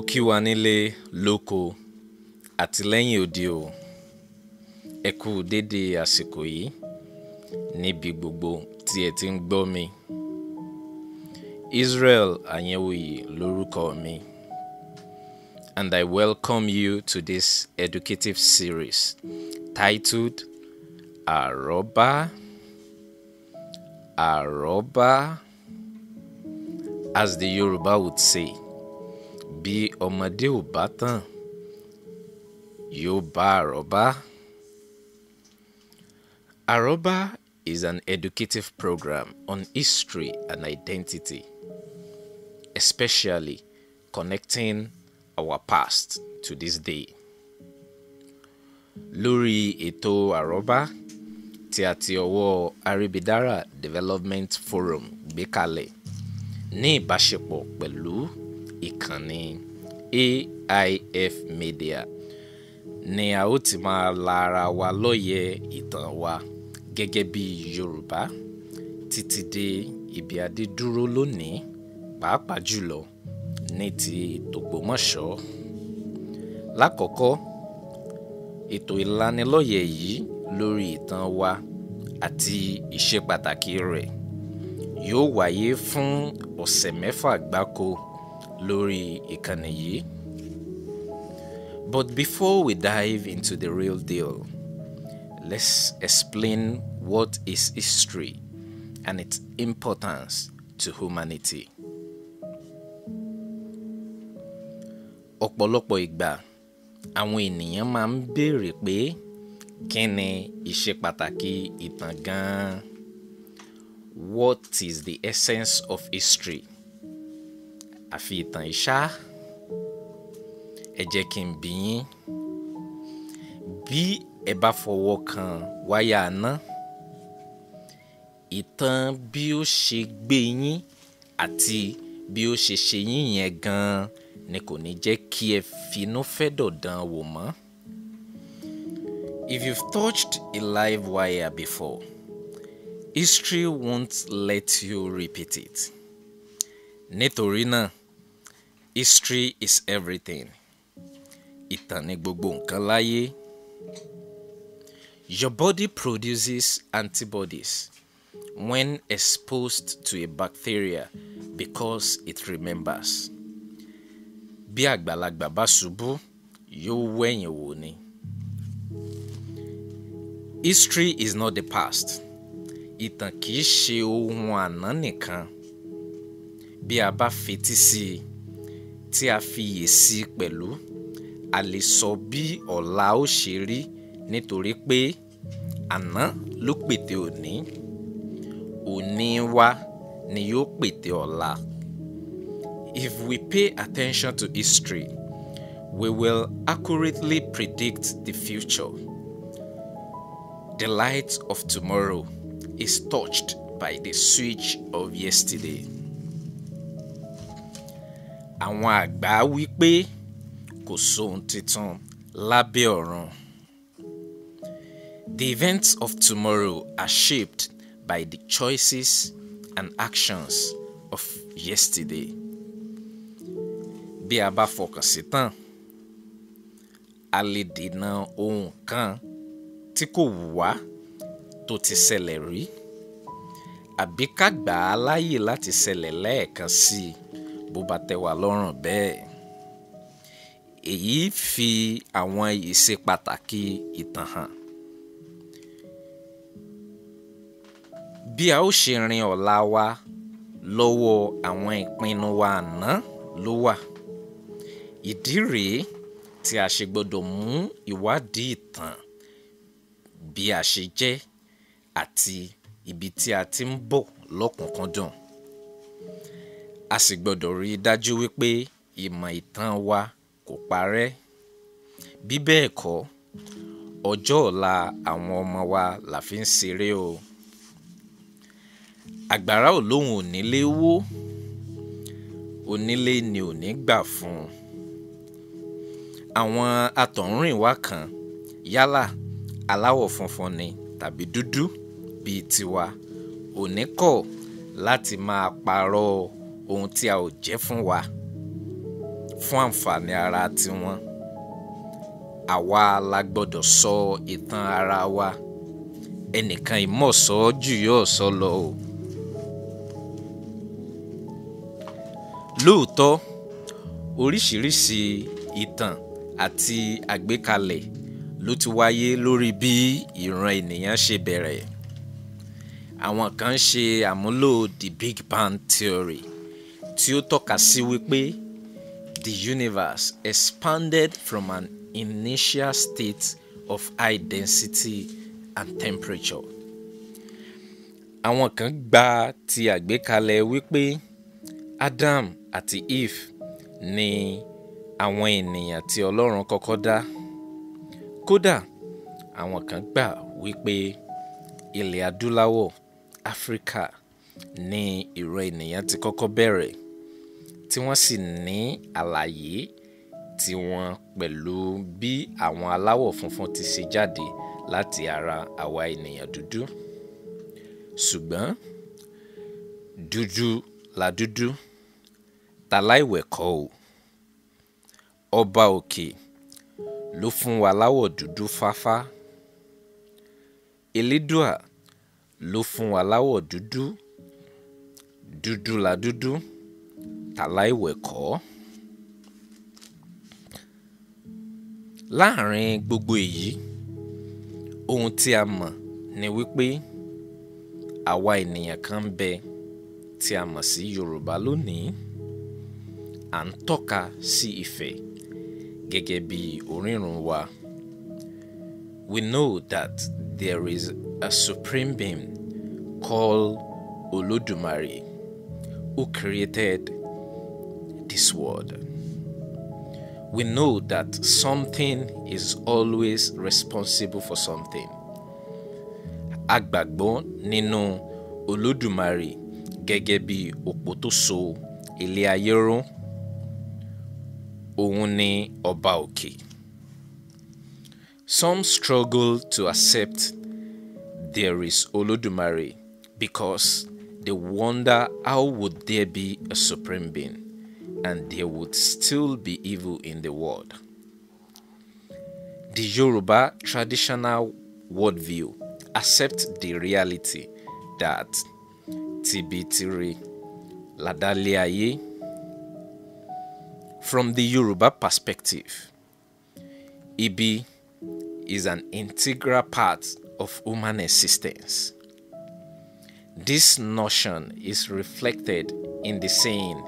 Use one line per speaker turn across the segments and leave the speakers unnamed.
mo kí wa nílé lóko àti lẹ́yìn òde o kú dédé àsìkò yìí níbi gbogbo tí ẹ ti ń gbọ́ mi Israel Ayanwuyi lórúkọ mi and I welcome you to this educative series titled Àrọ́bá Àrọ́bá as the Yoruba would say. bí ọmọdé ò bá tàn yóò bá àrọ́bá. Àrọ́bá is an educative program on history and identity, especially connecting our past to this day. Lórí Eto àrọ́bá tí a Aribidara Development Forum gbé Ne ní ìbáṣepọ̀ pẹ̀lú ìkànnì AIF Media ni a ó ti máa la ara wa lọ́yẹ̀ ìtàn wa gẹ́gẹ́ bí Yorùbá títí dé ibi adédúró lónìí pàápàá jùlọ ní ti Ògbómọ̀ṣọ́ lákọ̀ọ́kọ́ ètò ìlanilọ́yẹ̀ yìí lórí ìtàn wa àti ìṣe pàtàkì rẹ̀ yóò wáyé fún ọ̀sẹ̀ mẹ́fà gbáko lórí ìkànnì But before we dive into the real deal, let's explain what is history and its importance to humanity. Ọ̀pọ̀lọpọ̀ ìgbà àwọn ènìyàn máa ń béèrè pé kí ni ìṣe pàtàkì ìtàn gan-an? What is the essence of history? àfi ìtàn ìṣá ẹ jẹ́ kí n bi yín bí ẹ bá fọwọ́ kan wáyà náà ìtàn bí ó ṣe gbé yín àti bí ó ṣe ṣe yín yẹn gan-an ni kò ní jẹ́ kí ẹ finú fẹ́ dọ̀dàn wò mọ́. If you've touched a live wire before, history won't let you repeat it. Nítorí náà, History is everything. Ìtàn ni gbogbo nǹkan láyé. Your body produces antibodies when exposed to a bacteria because it remembers. Bí àgbàlagbà bá ṣubú, yóò wẹ̀yìn wò ni. History is not the past. Ìtàn kìí ṣe ohun àná nìkan. Bí a bá fetí sí i, tí a fiyèsí pẹ̀lú a lè sọ bí ọ̀la ó ṣe rí nítorí pé àná ló pètè òní òní wa ni yóò pètè ọ̀la. If we pay attention to history, we will accurately predict the future. The light of tomorrow is touched by the switch of yesterday. àwọn àgbà wí pé kò sóhun tuntun lábẹ́ ọ̀run. The events of tomorrow are shaped by the choices and actions of yesterday. Bí a bá fọkàn sí tán, a lè dènà ohun kan tí kò wù wá tó ti ṣẹlẹ̀ rí àbí ká gbà á láàyè láti ṣẹlẹ̀ lẹ́ẹ̀kan sí i bó bá tẹ́ wa lọ́rùn bẹ́ẹ̀. èyí fi àwọn ìṣe pàtàkì ìtàn hàn. bí a ó ṣe rin ọ̀la wa lọ́wọ́ àwọn ìpinnu wa àná ló wà. ìdí rèé tí a ṣe gbọ́dọ̀ mú ìwádìí ìtàn bí a ṣe jẹ́ àti ibi tí a ti ń bọ̀ lọ́kùnkúndùn a sì gbọ́dọ̀ rí i dájú wípé ìmọ̀ ìtàn wa kò parẹ́ bí bẹ́ẹ̀ kọ́ ọjọ́ ọ̀la àwọn ọmọ wa la fi ń ṣeré o àgbàrá ò lóhùn onílé wó onílé ni ò ní gbà fún un àwọn atọ̀húnrìnwá kan yálà aláwọ̀ funfun ni tàbí dúdú bíi tiwa ò ní kọ̀ láti máa parọ́ ọ ohun tí a ò jẹ́ fún wa fún àǹfààní ara tiwọn àwa la gbọ́dọ̀ sọ ìtàn ara wa ẹnìkan ìmọ̀ọ́sọ jù yóò sọ lọ o. lóòótọ́ oríṣiríṣi ìtàn àti àgbékalẹ̀ ló ti wáyé lórí bí ìran ènìyàn ṣe bẹ̀rẹ̀ àwọn kan ṣe àmúlò the Big Bang Theory tí ó tọ́ka sí wípé the universe expanded from an initial state of high density and temperature. àwọn kan gba ti àgbékalẹ̀ wípé Adam àti Eve ni àwọn ènìyàn tí Ọlọ́run kọ́kọ́ dá kódà àwọn kan gbà wípé ilẹ̀ adúláwọ̀ Africa ni ìrọ̀ ènìyàn ti kọ́kọ́ bẹ̀rẹ̀ tí wọ́n sì ní àlàyé tiwọn pẹ̀lú bí àwọn aláwọ̀ funfun ti ṣe jáde láti ara àwa ènìyàn dúdú ṣùgbọ́n dúdú la dúdú taláìwẹ̀kọ́ o ọba òkè ló fún wa láwọ̀ dúdú fáfá elédùà ló fún wa láwọ̀ dúdú dúdú la dúdú. Dúdú tàláìwẹ̀kọ́. láàrin gbogbo èyí ohun tí a mọ̀ ni wípé àwa ènìyàn kan bẹ tí a mọ̀ sí Yorùbá lónìí à ń tọ́ka sí Ifẹ̀ gẹ́gẹ́ bí orírun wa. We know that there is a supreme being called Olodumare who created this world. We know that something is always responsible for something. Agbàgbọ́ nínú Olódùmarè gẹ́gẹ́ bí òpó tó so ilé Some struggle to accept there is Olódùmarè because they wonder how would there be a supreme being and there would still be evil in the world. The Yoruba traditional worldview accepts the reality that Tibitiri Ladaliaye, from the Yoruba perspective, Ibi is an integral part of human existence. This notion is reflected in the saying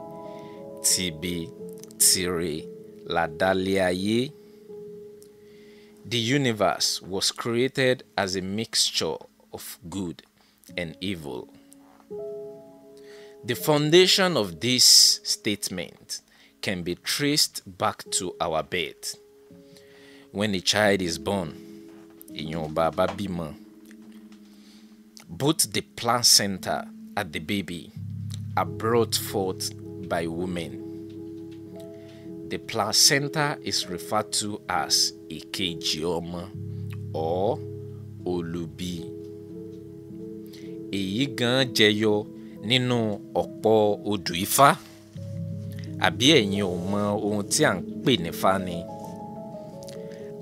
tibi, tiri, ye. The universe was created as a mixture of good and evil. The foundation of this statement can be traced back to our birth. When a child is born, in your both the placenta and the baby are brought forth by women. The placenta is referred to as Ikejioma or Olubi. Èyí gan jẹyọ nínú ọ̀pọ̀ odù ifá àbí ẹ̀yin ò mọ ohun tí à ń pè nífá ni.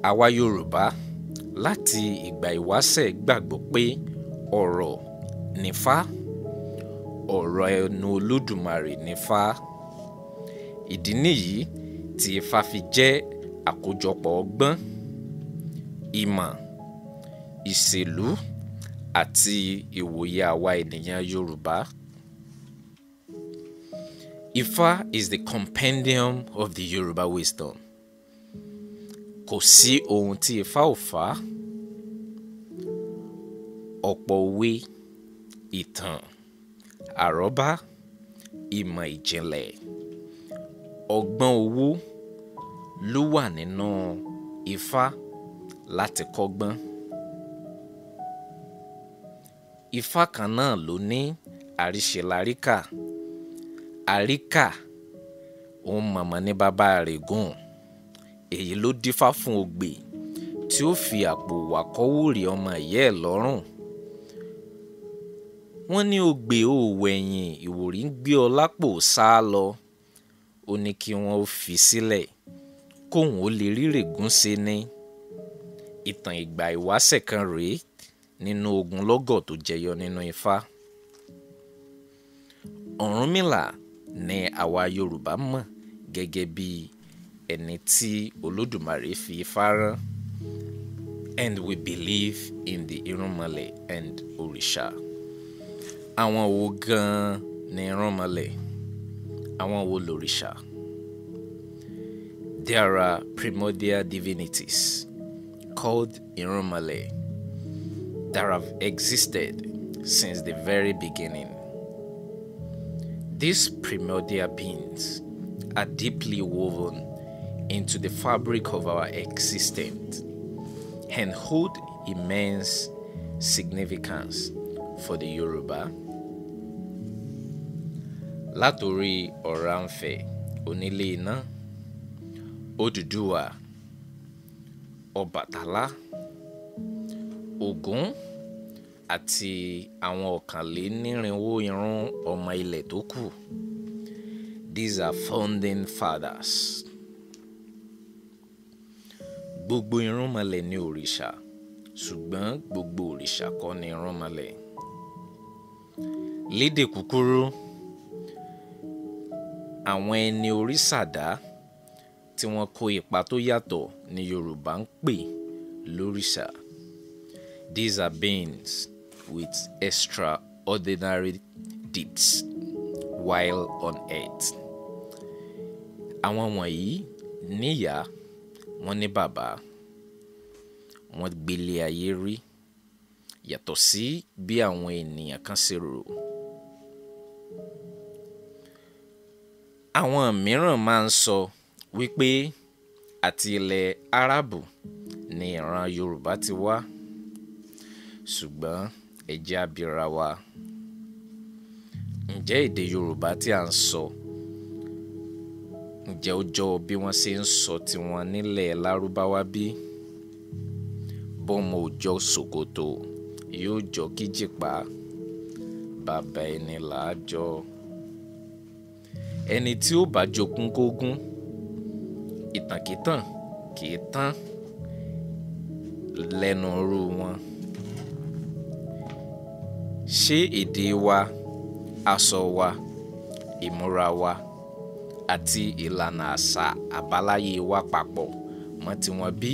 Àwa Yorùbá láti ìgbà ìwáṣẹ̀ gbàgbọ́ pé ọ̀rọ̀ nífá ọ̀rọ̀ ẹnu Olódùmarè nífá ìdí nìyí tí Ifá fi jẹ́ àkójọpọ̀ ọgbọ́n ìmọ̀ ìṣèlú àti ìwòye àwa ènìyàn Yorùbá. Ifá is the compendium of the Yoruba wisdom. Kò sí ohun tí Ifá ò fá ọ̀pọ̀ òwe ìtàn àrọ́bá ìmọ̀ ìjìnlẹ̀ ọgbọ́n owó ló wà nínú Ifá láti kọ́gbọ́n. Ifá kan náà ló ní àríṣeláríkà àríkà òun mọ̀mọ́ ní bàbá rẹ̀ gùn èyí ló dífá fún ogbè tí ó fi àpò wàkọ́wòrì ọmọ ìyá ẹ̀ lọ́rùn wọ́n ní ògbé òwẹ̀yìn ìwòrí ń gbé ọ lápò sá lọ ó ní kí wọ́n ó fi sílẹ̀ kóun ó lè rírè gúnṣe ní ìtàn ìgbà ìwáṣẹ̀ kan rèé nínú ogun lọ́gọ̀ tó jẹyọ nínú Ifá Ọ̀rúnmìlà ni àwa Yorùbá mọ̀ gẹ́gẹ́ bí ẹni tí Olódùmarè fi Ifá rán and we believe in the irúnmọlẹ̀ and òrìṣà. àwọn wo gan-an ni irúnmọlẹ̀ àwọn wo lòrìṣà there are primordial divinities called irúnmọlẹ̀ that have existed since the very beginning these primordial beings are deeply woven into the fabric of our existence and hold immense significance for the Yoruba. Látòrí Ọ̀rànfẹ̀ onílé iná, Odùduwà, Ọbàtálá, Ògún àti àwọn ọ̀kànlénírínwó irún ọmọ ilẹ̀ tó kù. These are founding fathers. Gbogbo irúnmọlẹ̀ ni òrìṣà ṣùgbọ́n gbogbo òrìṣà kọ́ ni irúnmọlẹ̀ lédè kúkúrú àwọn ẹni oríṣàdá tí wọ́n kó ipa tó yàtọ̀ ni Yorùbá ń pè lórìṣà these are beings with extraordinary deeds while on earth àwọn wọ̀nyí níyà wọ́n ní bàbá wọ́n gbélé ayé rí yàtọ̀ sí bí àwọn ènìyàn kan ṣe rò. àwọn mìíràn máa ń sọ wípé àti ilẹ̀ Árábù ni ìran Yorùbá ti wá ṣùgbọ́n ẹ jẹ́ abira wa ǹjẹ́ èdè Yorùbá tí à ń sọ ǹjẹ́ ó jọ bí wọ́n ṣe ń sọ tiwọn nílẹ̀ Lárúbáwá bí bọ́mọ òjọ́ Sòkòtò yóò jọ kíjìpá bàbá ẹni làá jọ ẹni tí ó bá jogún kógún ìtànkítàn kìí tán lẹ́nu ọrú wọn ṣé èdè wa aṣọ wa ìmúra wa àti ìlànà àṣà àbáláyé wa papọ̀ mọ́ tiwọn bí?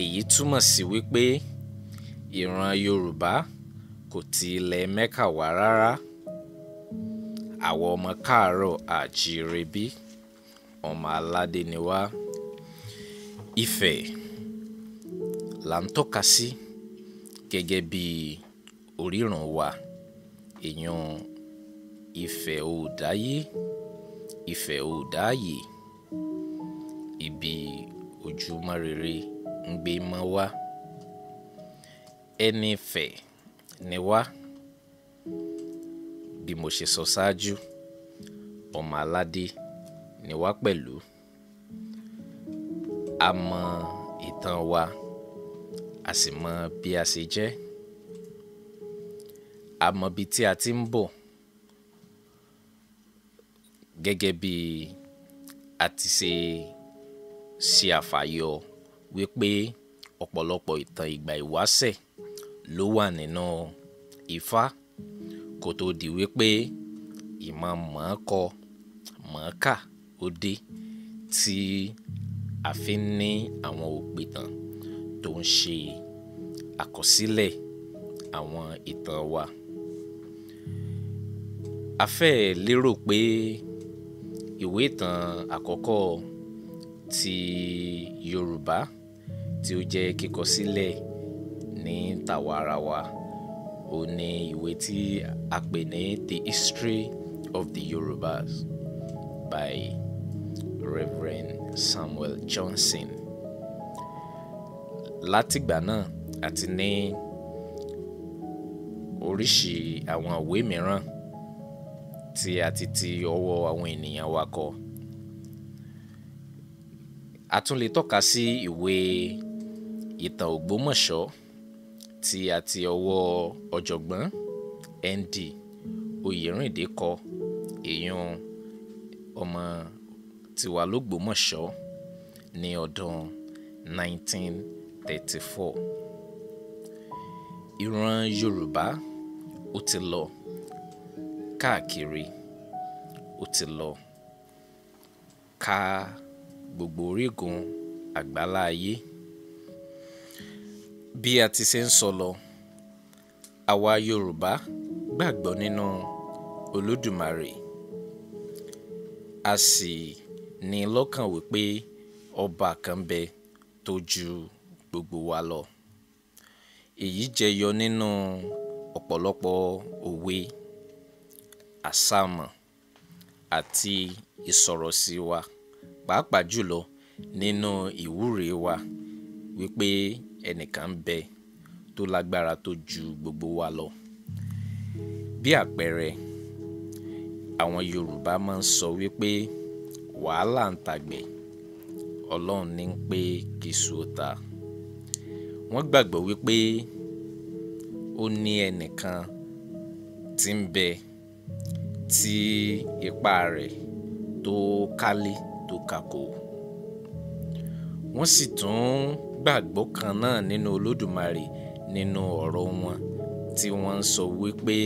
èyí túmọ̀ sí wípé ìran Yorùbá kò ti ilẹ̀ Mẹ́kà wá rárá àwọn ọmọ káàárọ̀ àjíire bí ọmọ aládé ni wá Ifẹ̀ là ń tọ́ka sí gẹ́gẹ́ bí orírun wa èèyàn Ifẹ̀ òòdáyé Ifẹ̀ òòdáyé ibi ojúmọ́ rere mgbemɔ wa ẹni ìfẹ́ ni wá bí mo ṣe sọ ṣáájú ọmọ aládé ni wá pẹ̀lú a mọ ìtàn wa a sì mọ bí a ṣe jẹ́ a mọ bí tí a ti ń bọ̀ gẹ́gẹ́ bí a ti ṣe ṣe àfàyọ. Si wípé ọ̀pọ̀lọpọ̀ ìtàn ìgbà ìwásẹ̀ ló wà nínú Ifá kó tó di wípé ìmọ̀ mọ̀ọ́kọ mọ̀ọ́kà ó dé tí a fi ń ní àwọn òpìtàn tó ń ṣe àkọsílẹ̀ àwọn ìtàn wa. a fẹ́ lérò pé ìwé ìtàn àkọ́kọ́ ti Yorùbá tí ó jẹ́ kíkọ sílẹ̀ ní tàwaarawa òun ni ìwé tí a pè ní The History of the Yorubas by Reverend Samuel Johnson látìgbà náà àti ní oríṣi àwọn ìwé mìíràn tí a ti ti ọwọ́ àwọn ènìyàn wa kọ a tún lè tọ́ka sí ìwé. Si ìtàn Ògbómọ̀ṣọ́ tí a ti ọwọ́ ọ̀jọ̀gbọ́n ND Oyèrìndé kọ èèyàn ọmọ tiwa lÓgbómọ̀ṣọ́ ní ọdún 1934 ìran Yorùbá ó ti lọ káàkiri ó ti lọ ká gbogbo orígun àgbáláyé bí a ti ṣe ń sọ lọ àwa Yorùbá gbàgbọ́ nínú Olódùmarè a sì ní lọ́kàn wípé ọba kan bẹ tó ju gbogbo wa lọ èyí jẹyọ nínú ọ̀pọ̀lọpọ̀ òwe àsámọ̀ àti ìsọ̀rọ̀sí wa pàápàá jùlọ nínú ìwúre wa wípé ẹnìkan bẹ tó lágbára tó ju gbogbo wa lọ. Bí àpẹẹrẹ, àwọn Yorùbá máa ń sọ wípé wàhálà ń tàgbẹ̀ ọlọ́run ní ń pé kìsù ta. Wọ́n gbàgbọ́ wípé ó ní ẹnìkan tí ń bẹ tí ipá rẹ̀ tó kálé tó kakò. Wọ́n sì tún nígbàgbọ́ kan náà nínú Olódùmarè nínú ọ̀rọ̀ wọn tí wọ́n ń sọ wípé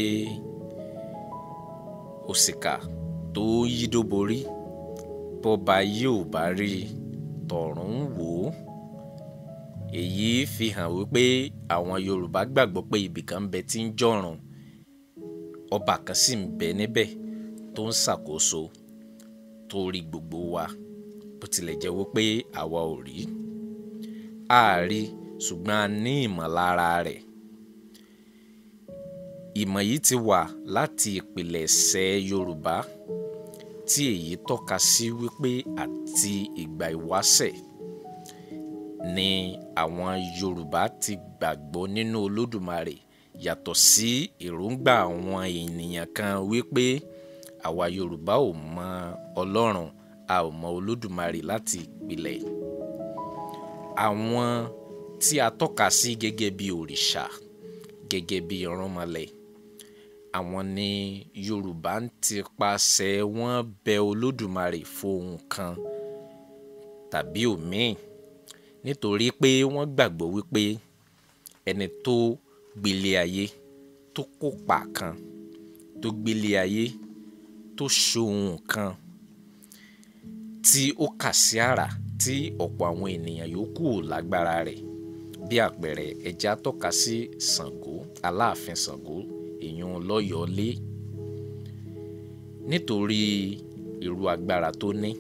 òṣìkà tó yídó borí bọ́ba yóò bá rí tọ̀run wò ó èyí fi hàn wípé àwọn Yorùbá gbàgbọ́ pé ibìkan ń bẹ tí ń jọ̀run ọba kan sì ń bẹ níbẹ̀ tó ń ṣàkóso tó gbogbo wa bó tilẹ̀ jẹ́ wípé àwa ò rí i a rí ṣùgbọ́n a ní ìmọ̀lára rẹ̀ ìmọ̀ yìí ti wà láti ìpìlẹ̀ṣẹ̀ Yorùbá tí èyí tọ́ka sí wípé àti ìgbà ìwáṣẹ̀ ni àwọn Yorùbá ti gbàgbọ́ nínú Olódùmarè yàtọ̀ sí èròǹgbà àwọn ènìyàn kan wípé àwa Yorùbá ò mọ Ọlọ́run a ò mọ Olódùmarè láti ìpìlẹ̀ àwọn tí a tọ́ka sí gẹ́gẹ́ bí òrìṣà gẹ́gẹ́ bí ọ̀rànmọlẹ̀ àwọn ni Yorùbá ń tipasẹ̀ wọn bẹ Olódùmarè fohùn kan tàbí òmíì nítorí pé wọ́n gbàgbọ́ wípé ẹni tó gbélé ayé tó kópa kan tó gbélé ayé tó ṣohun kan tí ó kà sí àrà tí ọ̀pọ̀ àwọn ènìyàn yòókù ò lágbára rẹ̀ bí àpẹẹrẹ ẹja tọ́ka sí Ṣàngó Aláàfin Ṣàngó èèyàn lọ́yọ̀ọ́lé nítorí irú agbára tó ní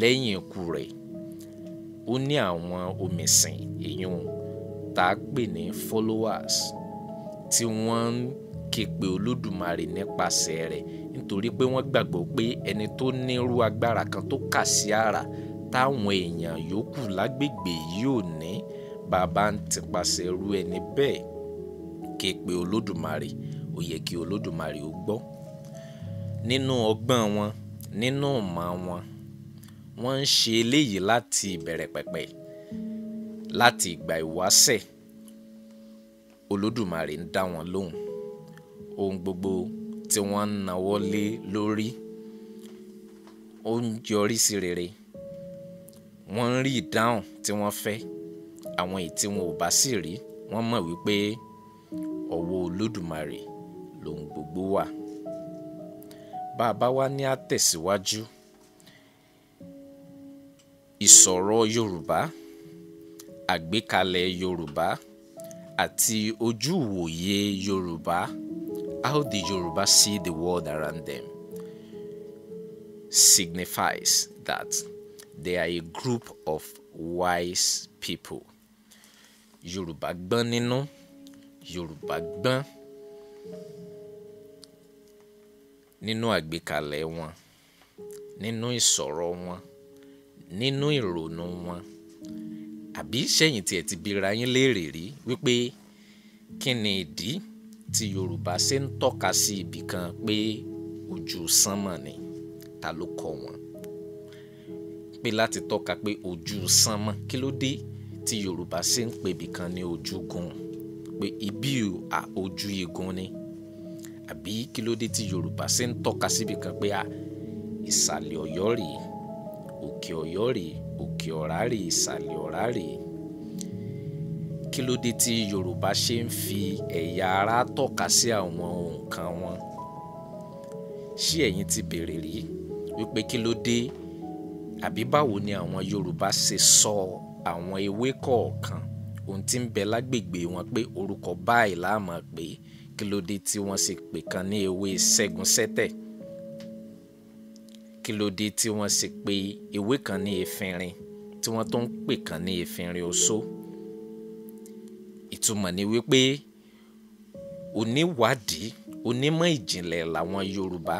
lẹ́yìn ikú rẹ̀ ó ní àwọn omisìn èèyàn tá a pè ní followers tí wọ́n ń képe Olódùmarè nípasẹ̀ rẹ̀ nítorí pé wọ́n gbàgbọ́ pé ẹni tó nírú agbára kan tó kà sí àrà táwọn èèyàn yòókù lágbègbè yìí ò ní bàbá ń tipasẹ̀ irú ẹni bẹ́ẹ̀ ké pe olódùmarè ó yẹ kí olódùmarè ó gbọ́ nínú ọgbọ́n wọn nínú ọ̀mọ̀ wọn wọ́n ń ṣe eléyìí láti ìbẹ̀rẹ̀ pẹ̀pẹ̀ láti ìgbà ìwáṣẹ̀ olódùmarè ń dá wọn lóhùn ohun gbogbo tí wọ́n ń náwó lé lórí ó ń yọrí sí rere wọ́n ń rí ìdáhùn tí wọ́n fẹ́ àwọn èyí tí wọn ò bá sì rí wọ́n mọ̀ wípé ọwọ́ olódùmarè lòun gbogbo wà bá a bá wá ní àtẹ̀síwájú ìsọ̀rọ̀ Yorùbá àgbékalẹ̀ Yorùbá àti ojú ìwòye Yorùbá how the Yoruba see the world around them signifies that they are a group of wise people. Yoruba gbọ́n nínú Yoruba gbọ́n nínú àgbékalẹ̀ wọn nínú ìsọ̀rọ̀ wọn nínú ìrònú wọn àbí sẹ́yìn tí ẹ ti bira yín léèrè rí wípé kí ni ìdí tí Yorùbá ṣe ń tọ́ka sí ibì kan pé ojú sánmọ̀ ni ta ló kọ wọn pé láti tọ́ka pé ojú sánmọ̀ kí ló dé tí Yorùbá ṣe ń pè ibì kan ní ojúgun pé ibi à ojú igun ni àbí kí ló dé tí Yorùbá ṣe ń tọ́ka síbì kan pé à ìsàlẹ̀ Ọ̀yọ́ rèé òkè Ọ̀yọ́ rèé òkè Ọ̀rá rèé ìsàlẹ̀ Ọ̀rá rèé kí ló dé tí Yorùbá ṣe ń fi ẹ̀yà ara tọ́ka sí àwọn nǹkan wọn ṣé ẹ̀yin ti béèrè rí wípé kí ló dé àbí báwo ni àwọn Yorùbá ṣe sọ àwọn ewé kọ̀ọ̀kan ohun tí ń bẹ lágbègbè wọn pé orúkọ báyìí la máa pè kí ló dé tí wọ́n ṣe pè kan ní ewé ṣẹ́gun-ṣẹ́tẹ̀ kí ló dé tí wọ́n ṣe pè ewé kan ní efinrin tí wọ́n tó ń pè kan ní efinrin oṣó. So ìtumọ̀ ni wípé oníwádìí onímọ̀ ìjìnlẹ̀ làwọn Yorùbá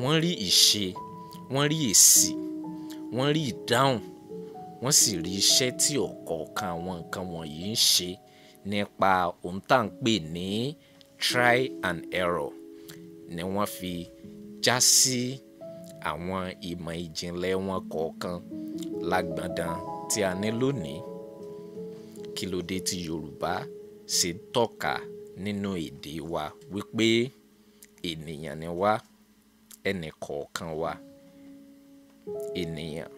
wọ́n rí ìṣe wọ́n rí èsì wọ́n rí ìdáhùn wọ́n sì rí iṣẹ́ tí ọ̀kọ̀ọ̀kan àwọn nǹkan wọ̀nyí ń ṣe nípa ohun tá à ń pè ní try and error ni wọ́n fi já sí àwọn ìmọ̀ ìjìnlẹ̀ wọn kọ̀ọ̀kan lágbọ̀ndàn tí a ní lónìí kí ló dé tí Yorùbá ṣe tọ́ka nínú èdè wa wípé ènìyàn ni wá ẹnì kọ̀ọ̀kan wa ènìyàn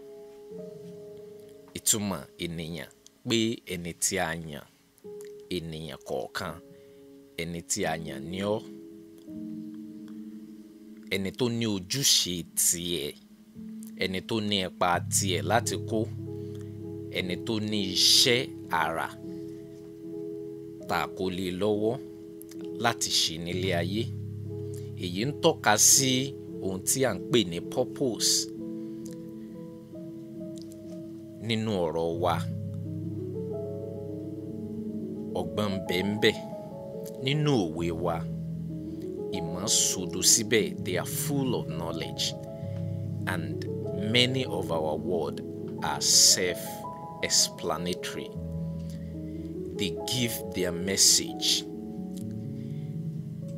ìtumọ̀ ènìyàn pé ẹni tí a yàn ènìyàn kọ̀ọ̀kan ẹni tí a yàn ní ọ́ ẹni tó ní ojúṣe tiẹ̀ ẹni tó ní ipa tiẹ̀ láti kó ẹni tó ní iṣẹ́ Ara, tá a kò lè lọ́wọ́ láti ṣe nílé ayé èyí ń tọ́ka sí ohun tí à ń pè ní purpose nínú ọ̀rọ̀ wa ọgbọ́n bẹ́ẹ̀nbẹ́ẹ̀ nínú òwe wa ìmọ̀ sodo síbẹ̀ they are full of knowledge and many of our words are self-explanatory they give their message.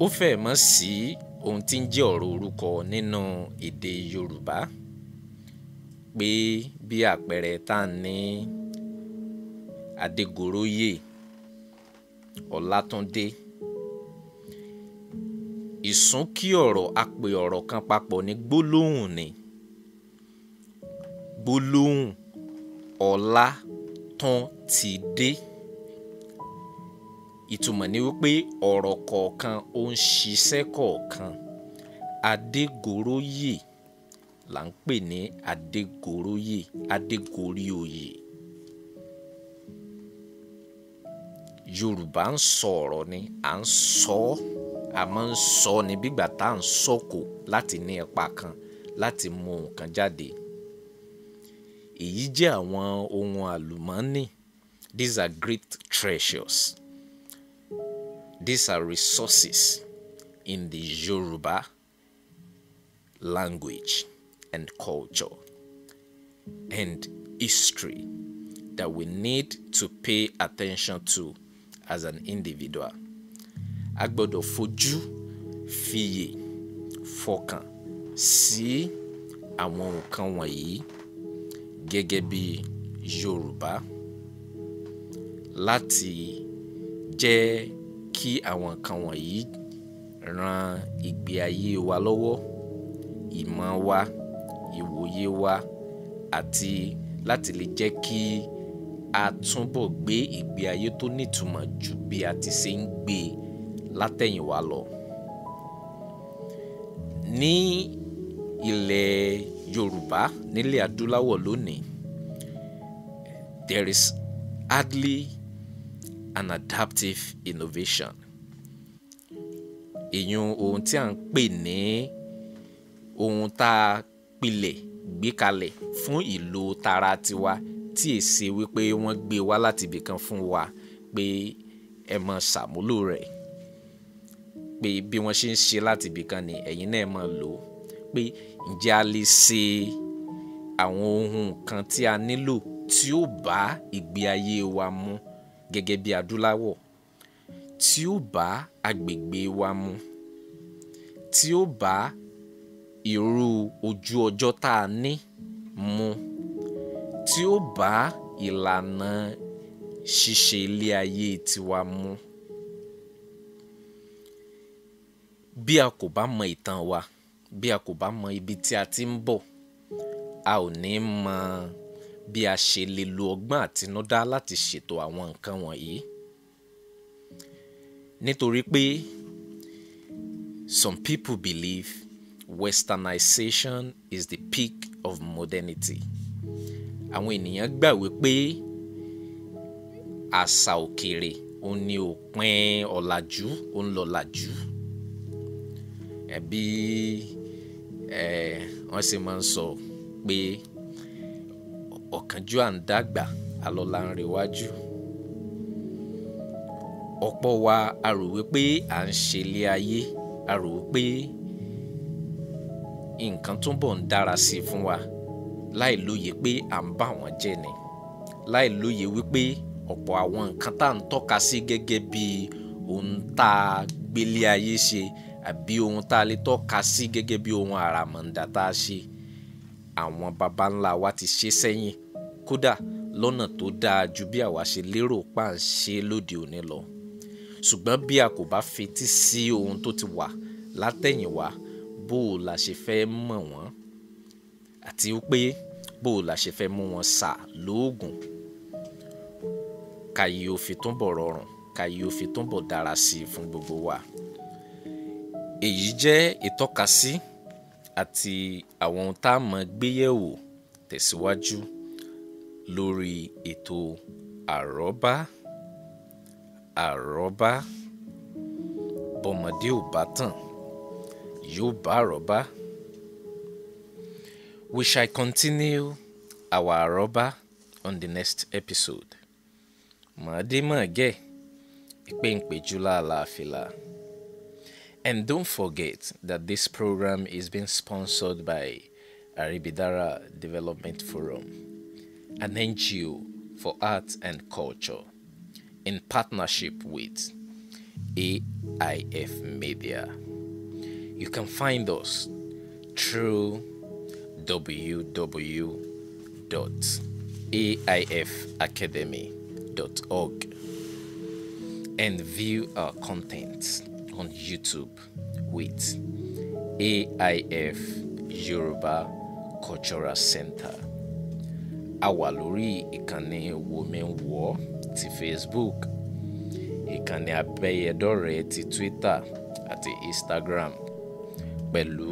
ó fẹ́ẹ̀ mọ́ sí ohun tí ń jẹ́ ọ̀rọ̀ orúkọ nínú èdè Yorùbá pé bí àpẹẹrẹ tá à ní Adégoróyè Ọlátúndé ìsúnkí ọ̀rọ̀ apè ọ̀rọ̀ kan papọ̀ ní gbólóhùn ni gbólóhùn Ọlátúndé ìtumọ̀ ni wípé ọ̀rọ̀ kọ̀ọ̀kan ó ń ṣiṣẹ́ kọ̀ọ̀kan adégoróyè là ń pè ní adégoróyè adégorí oyè yorùbá ń sọ ọ̀rọ̀ ni à ń sọ ọ́ a máa ń sọ ni bígbà tá à ń sọ̀kò láti ní ipa kan láti mú nǹkan jáde èyí jẹ́ àwọn ohun àlùmọ́ọ́nì these are great treasures. These are resources in the Yoruba language and culture and history that we need to pay attention to as an individual. A gbọ́dọ̀ fojú fiyè Si, sí àwọn nǹkan wọ̀nyí gẹ́gẹ́ bí Yorùbá láti kí àwọn nǹkan wọ̀nyí ran ìgbé ayé wa lọ́wọ́ ìmọ̀ wa ìwòye wa àti láti lè jẹ́ kí a túbọ̀ gbé ìgbé ayé tó nítumọ̀ ju bí a ti ṣe ń gbé e látẹ̀yìnwá lọ. ní ilẹ̀ Yorùbá nílẹ̀ adúláwọ̀ lónìí there is hardly and adaptive innovation ìyún ohun tí à ń pè ní ohun tá a pilẹ̀ gbé kalẹ̀ fún ìlò tara tiwa tí è ṣe wípé wọ́n gbé wá láti ibìkan fún wa pé ẹ mọ ṣàmúlò rẹ̀ pé bí wọ́n ṣe ń ṣe láti ibìkan ni ẹ̀yin náà mọ̀ lò ó pé ǹjẹ́ a lè ṣe àwọn ohun kan tí a nílò tí ó bá ìgbé ayé wa mu gẹ́gẹ́ bí adúláwọ̀ tí ó bá agbègbè wa mu tí ó bá irú ojú ọjọ́ tá a ní mu tí ó bá ìlànà ṣíṣe ilé ayé tiwa mu. bí a kò bá mọ ìtàn wa bí a kò bá mọ ibi tí a ti ń bọ̀ a ò ní mọ. Ma bí a ṣe lè lo ọgbọ́n àtinúdá láti ṣètò àwọn nǹkan wọ̀nyí. Nítorí pé some people believe westernization is the peak of modernity. Àwọn ènìyàn gbà wípé àṣà òkèèrè òun ni òpin ọ̀làjú òun lọ̀làjú. Ẹ̀bí ẹ̀ wọ́n sì máa ń sọ pé akánjú à ń dàgbà alọ́la ń rewájú ọ̀pọ̀ wa a rò wípé à ń ṣe ilé ayé a rò wípé nǹkan tó ń bọ̀ ń dára sí i fún wa láì lóye pé à ń bà wọ́n jẹ́ ni láì lóye wípé ọ̀pọ̀ àwọn nǹkan tá à ń tọ́ka sí gẹ́gẹ́ bí ohun tá a gbélé ayé ṣe àbí ohun tá a lè tọ́ka sí gẹ́gẹ́ bí ohun àràmọ̀ǹdà tá a ṣe àwọn baba ńlá wa ti ṣe sẹ́yìn kódà lọ́nà tó dáa ju bí àwa ṣe lérò pa ń ṣe lóde òní lọ ṣùgbọ́n bí a kò bá fetí sí ohun tó ti wà látẹ̀yìnwá bó o la ṣe fẹ́ mọ̀ wọ́n àti pé bó o la ṣe fẹ́ mú wọn sà lóògùn kàyí ó fi túnbọ̀ rọrùn kàyí ó fi túnbọ̀ dára sí i fún gbogbo wa èyí jẹ́ ìtọ́kasí àti àwọn ohun tá a mọ̀ gbéyẹ̀wò tẹ̀síwájú. Si lórí ètò àrọ́bá àrọ́bá bọ́mọdé ò bá tàn yóò bá àrọ́bá. We shall continue our àrọ́bá on the next episode. Màdé máa gẹ̀ ìpè ń pèjú And don't forget that this program is being sponsored by Aribidara Development Forum an NGO for arts and culture in partnership with AIF Media. You can find us through www.aifacademy.org and view our content on YouTube with AIF Yoruba Cultural Center. a wà lórí ìkànnì wòmíwọ́ ti Facebook ìkànnì abẹ́yẹdọ́rẹ̀ẹ́ ti Twitter àti Instagram pẹ̀lú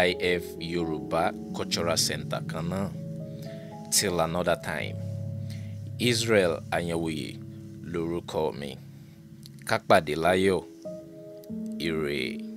AIF Yorùbá Cultural Center kan náà till another time Israel Ayanwuyi lórúkọ mi ká pàdé láyọ̀ ire.